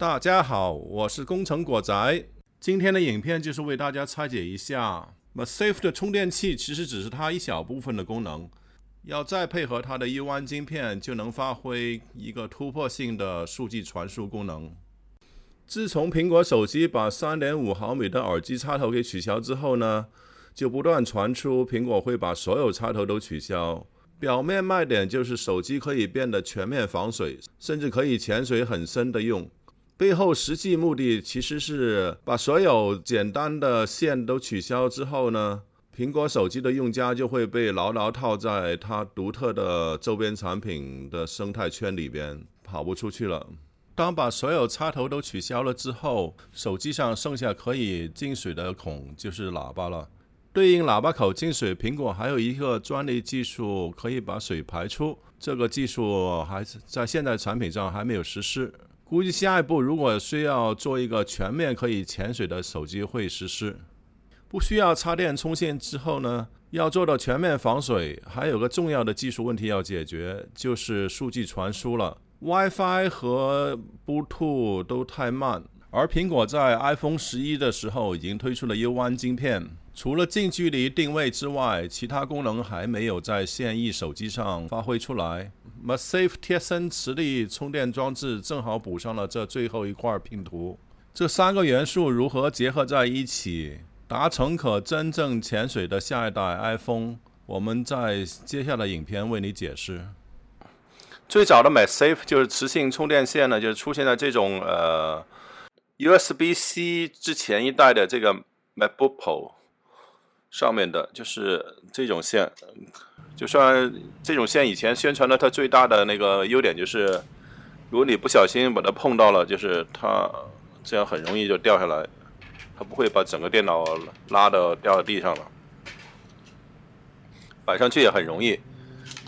大家好，我是工程果宅。今天的影片就是為大家拆解一下。MagSafe 的充電器其實只是它一小部分的功能，要再配合它的 U1 晶片，就能發揮一個突破性的數據傳輸功能。自從蘋果手機把3.5毫米的耳機插頭給取消之後呢，就不斷傳出蘋果會把所有插頭都取消。表面賣點就是手機可以變得全面防水，甚至可以潛水很深的用。最後實際目的其實是把所有簡單的線都取消之後呢，蘋果手機的用家就會被牢牢套在它獨特的周邊產品的生態圈裡邊，跑不出去了。當把所有插頭都取消了之後，手機上剩下可以進水的孔就是喇叭了。對應喇叭口進水，蘋果還有一個專利技術可以把水排出，這個技術還在現在產品上還沒有實施。估計下一步如果需要做一個全面可以潛水的手機，會實施。不需要插電充電之後呢，要做到全面防水，還有個重要的技術問題要解決，就是數據傳輸了，WiFi 和 Bluetooth 都太慢。而蘋果在 iPhone 十一的時候已經推出了 U1 晶片，除了近距離定位之外，其他功能還沒有在現役手機上發揮出來。MagSafe 貼身磁力充電裝置正好補上了這最後一塊拼圖。這三個元素如何結合在一起，達成可真正潛水的下一代 iPhone？我們在接下來的影片為你解釋。最早的 MagSafe 就是磁性充電線呢，就是出現在這種呃。USB C 之前一代的這個 MacBook Pro 上面的，就是這種線，就算這種線以前宣傳的它最大的那個優點就是，如果你不小心把它碰到了，就是它這樣很容易就掉下來，它不會把整個電腦拉的掉到地上了，擺上去也很容易。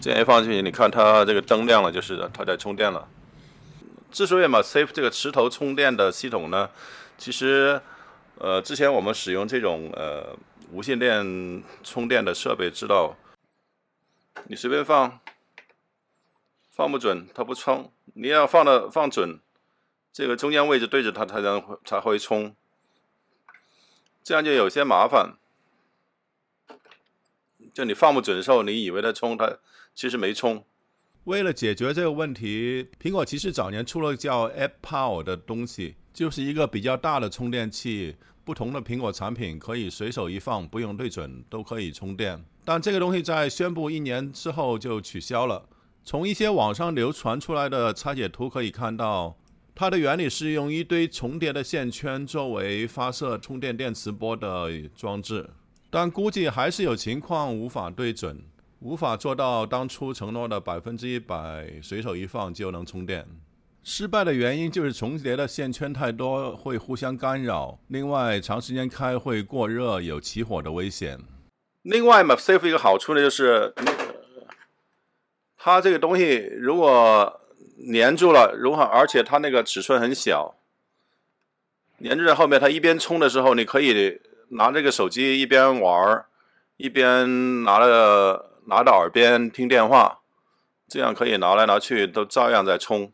這樣一放進去，你看它這個燈亮了，就是它在充電了。之所以 MagSafe 這個磁頭充電的系統呢，其實，呃，之前我們使用這種呃無線電充電的設備，知道，你隨便放，放不準，它不充；你要放的放準，這個中間位置對着它，才能才會充。這樣就有些麻煩，就你放不準的時候，你以為它充，它其實沒充。為了解決這個問題，蘋果其實早年出了叫 Air Power 的東西，就是一個比較大的充電器，不同的蘋果產品可以隨手一放，不用對準都可以充電。但這個東西在宣布一年之後就取消了。從一些網上流傳出來的拆解圖可以看到，它的原理是用一堆重疊的線圈作為發射充電電磁波的裝置，但估計還是有情況無法對準。無法做到當初承諾的百分之一百，隨手一放就能充電。失敗的原因就是重疊的線圈太多，會互相干擾，另外長時間開會過熱，有起火的危險。另外嘛，MagSafe 一個好處呢就是，它這個東西如果粘住了，如果而且它那個尺寸很小，粘住在後面，它一邊充的時候你可以拿這個手機一邊玩兒，一邊拿了。拿到耳邊聽電話，這樣可以拿來拿去都照樣在充。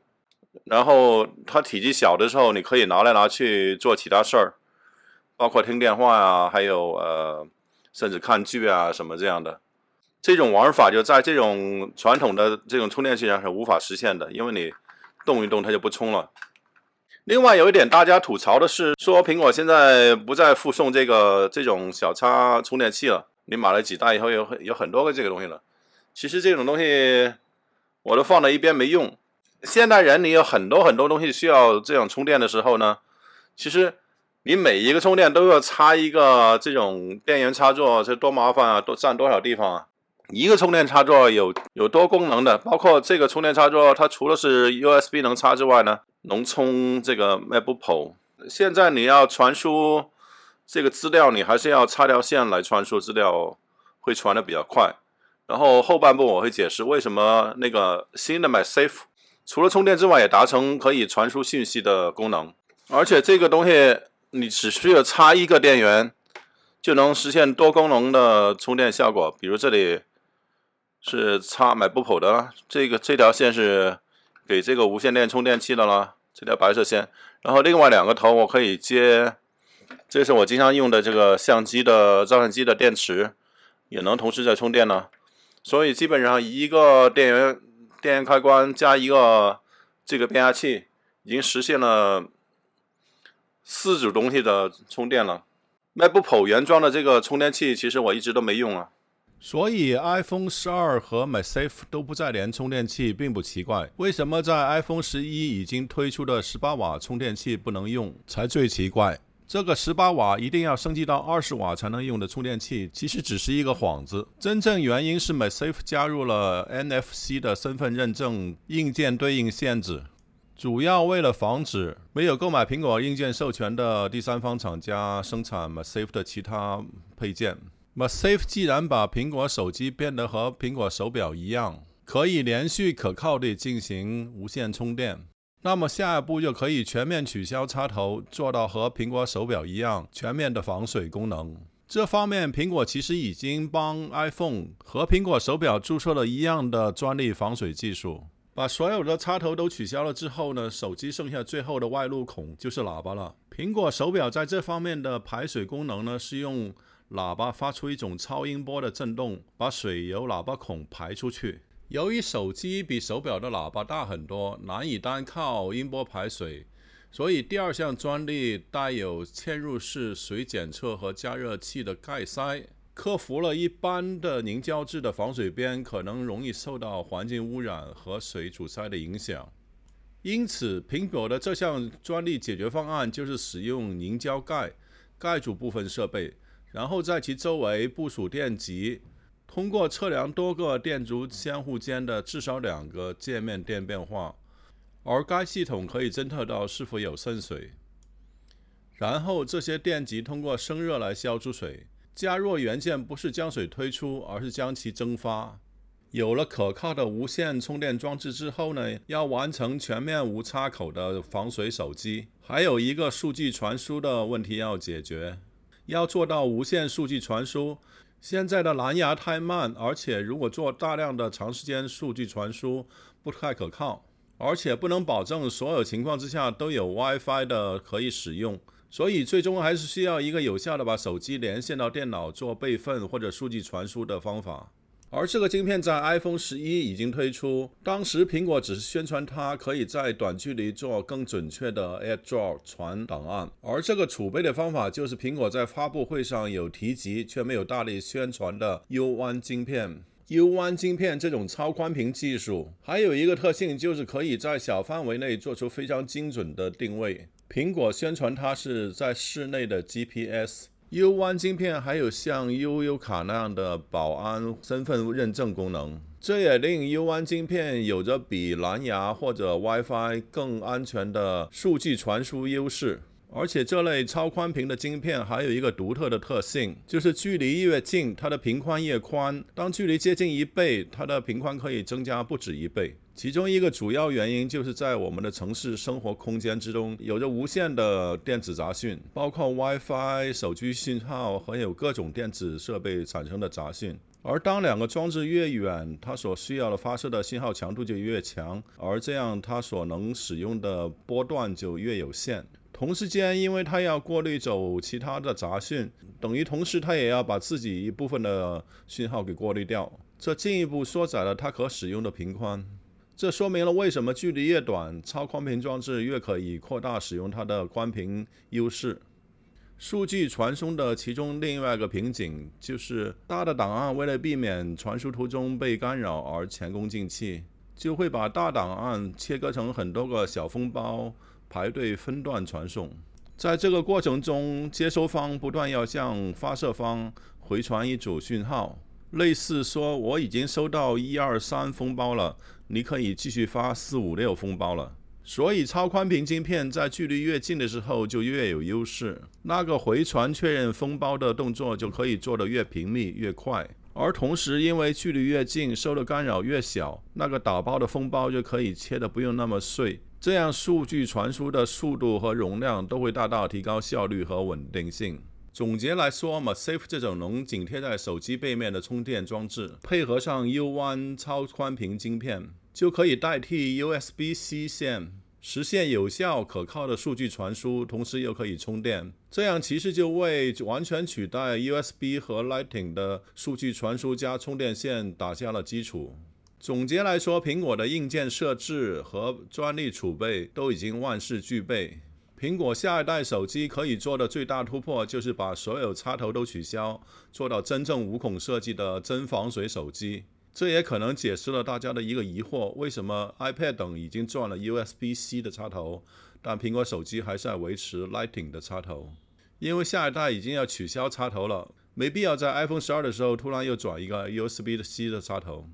然後它體積小的時候，你可以拿來拿去做其他事兒，包括聽電話啊，還有呃，甚至看劇啊什麼這樣的。這種玩法就在這種傳統的這種充電器上是無法實現的，因為你動一動它就不充了。另外有一點大家吐槽的是，說蘋果現在不再附送這個這種小插充電器了。你買了幾代以後有很有很多個這個東西了，其實這種東西我都放在一邊沒用。現代人你有很多很多東西需要這種充電的時候呢，其實你每一個充電都要插一個這種電源插座，這多麻煩啊，多占多少地方啊？一個充電插座有有多功能的，包括這個充電插座，它除了是 USB 能插之外呢，能充這個 MacBook Pro。現在你要傳輸。這個資料你還是要插條線來傳輸資料，會傳得比較快。然後後半部我會解釋為什麼那個新的 MagSafe 除了充電之外也達成可以傳輸信息的功能。而且這個東西你只需要插一個電源就能實現多功能的充電效果。比如這裡是插 MacBook 的，這個這條線是給這個無線電充電器的啦，這條白色線。然後另外兩個頭我可以接，這是我經常用的這個相機的照相機的電池，也能同時在充電呢。所以基本上一個電源電源開關加一個這個變壓器，已經實現了四組東西的充電了。MacBook Pro 原裝的這個充電器，其實我一直都沒用啊。所以 iPhone 十二和 MagSafe 都不再連充電器，並不奇怪。為什麼在 iPhone 十一已經推出的十八瓦充電器不能用，才最奇怪。這個十八瓦一定要升級到二十瓦才能用的充電器，其實只是一個幌子。真正原因是 MagSafe 加入了 NFC 的身份認證硬件對應限制，主要為了防止沒有購買蘋果硬件授權的第三方廠家生產 MagSafe 的其他配件。MagSafe 既然把蘋果手機變得和蘋果手表一樣，可以連續可靠地進行無線充電。那麼下一步就可以全面取消插頭，做到和蘋果手表一樣全面的防水功能。這方面，蘋果其實已經幫 iPhone 和蘋果手表注冊了一樣的專利防水技術。把所有的插頭都取消了之後呢，手機剩下最後的外露孔就是喇叭了。蘋果手表在這方面的排水功能呢，是用喇叭發出一種超音波的震動，把水由喇叭孔排出去。由於手機比手錶的喇叭大很多，難以單靠音波排水，所以第二項專利帶有嵌入式水檢測和加熱器的蓋塞，克服了一般的凝膠質的防水邊可能容易受到環境污染和水阻塞的影響。因此，蘋果的這項專利解決方案就是使用凝膠蓋，蓋住部分設備，然後在其周圍部署電極。通過測量多個電阻相互間的至少兩個界面電變化，而該系統可以偵測到是否有滲水。然後這些電極通過生熱來消除水。加熱元件不是將水推出，而是將其蒸發。有了可靠的無線充電裝置之後呢，要完成全面無插口的防水手機，還有一個數據傳輸的問題要解決。要做到無線數據傳輸，現在的藍牙太慢，而且如果做大量的長時間數據傳輸不太可靠，而且不能保證所有情況之下都有 Wi-Fi 的可以使用，所以最終還是需要一個有效的把手機連線到電腦做備份或者數據傳輸的方法。而這個晶片在 iPhone 十一已經推出，當時蘋果只是宣傳它可以在短距離做更準確的 AirDrop 傳檔案，而這個儲備的方法就是蘋果在發布會上有提及，卻沒有大力宣傳的 U 彎晶片。U 彎晶片這種超寬屏技術，還有一個特性就是可以在小範圍內做出非常精準的定位。蘋果宣傳它是在室內的 GPS。U1 晶片還有像悠遊卡那樣的保安身份認證功能，這也令 U1 晶片有着比藍牙或者 WiFi 更安全的數據傳輸優勢。而且這類超寬頻的晶片還有一個獨特的特性，就是距離越近，它的頻寬越寬；當距離接近一倍，它的頻寬可以增加不止一倍。其中一個主要原因就是在我們的城市生活空間之中，有着無限的電子雜訊，包括 WiFi、手機信號還有各種電子設備產生的雜訊。而當兩個裝置越遠，它所需要的發射的信號強度就越強，而這樣它所能使用的波段就越有限。同時，間因為它要過濾走其他的雜訊，等於同時它也要把自己一部分的訊號給過濾掉，這進一步縮窄了它可使用的頻寬。這說明了為什麼距離越短，超寬頻裝置越可以擴大使用它的寬頻優勢。數據傳送的其中另外一個瓶頸，就是大的檔案為了避免傳輸途中被干擾而前功盡棄，就會把大檔案切割成很多個小封包。排隊分段傳送，在這個過程中，接收方不斷要向發射方回傳一組訊號，類似說我已經收到一二三封包了，你可以繼續發四五六封包了。所以超寬頻晶片在距離越近的時候就越有優勢，那個回傳確認封包的動作就可以做得越頻密越快，而同時因為距離越近受的干擾越小，那個打包的封包就可以切得不用那麼碎。這樣，數據傳輸的速度和容量都會大大提高效率和穩定性。總結來說嘛，MagSafe 這種能緊貼在手機背面的充電裝置，配合上 U1 超寬頻晶片，就可以代替 USB-C 線，實現有效可靠的數據傳輸，同時又可以充電。這樣其實就為完全取代 USB 和 Lightning 的數據傳輸加充電線打下了基礎。總結來說，蘋果的硬件設置和專利儲備都已經萬事俱備。蘋果下一代手機可以做的最大突破就是把所有插頭都取消，做到真正無孔設計的真防水手機。這也可能解釋了大家的一個疑惑：為什麼 iPad 等已經轉了 USB-C 的插頭，但蘋果手機還是在維持 Lightning 的插頭？因為下一代已經要取消插頭了，沒必要在 iPhone 12的時候突然又轉一個 USB-C 的插頭。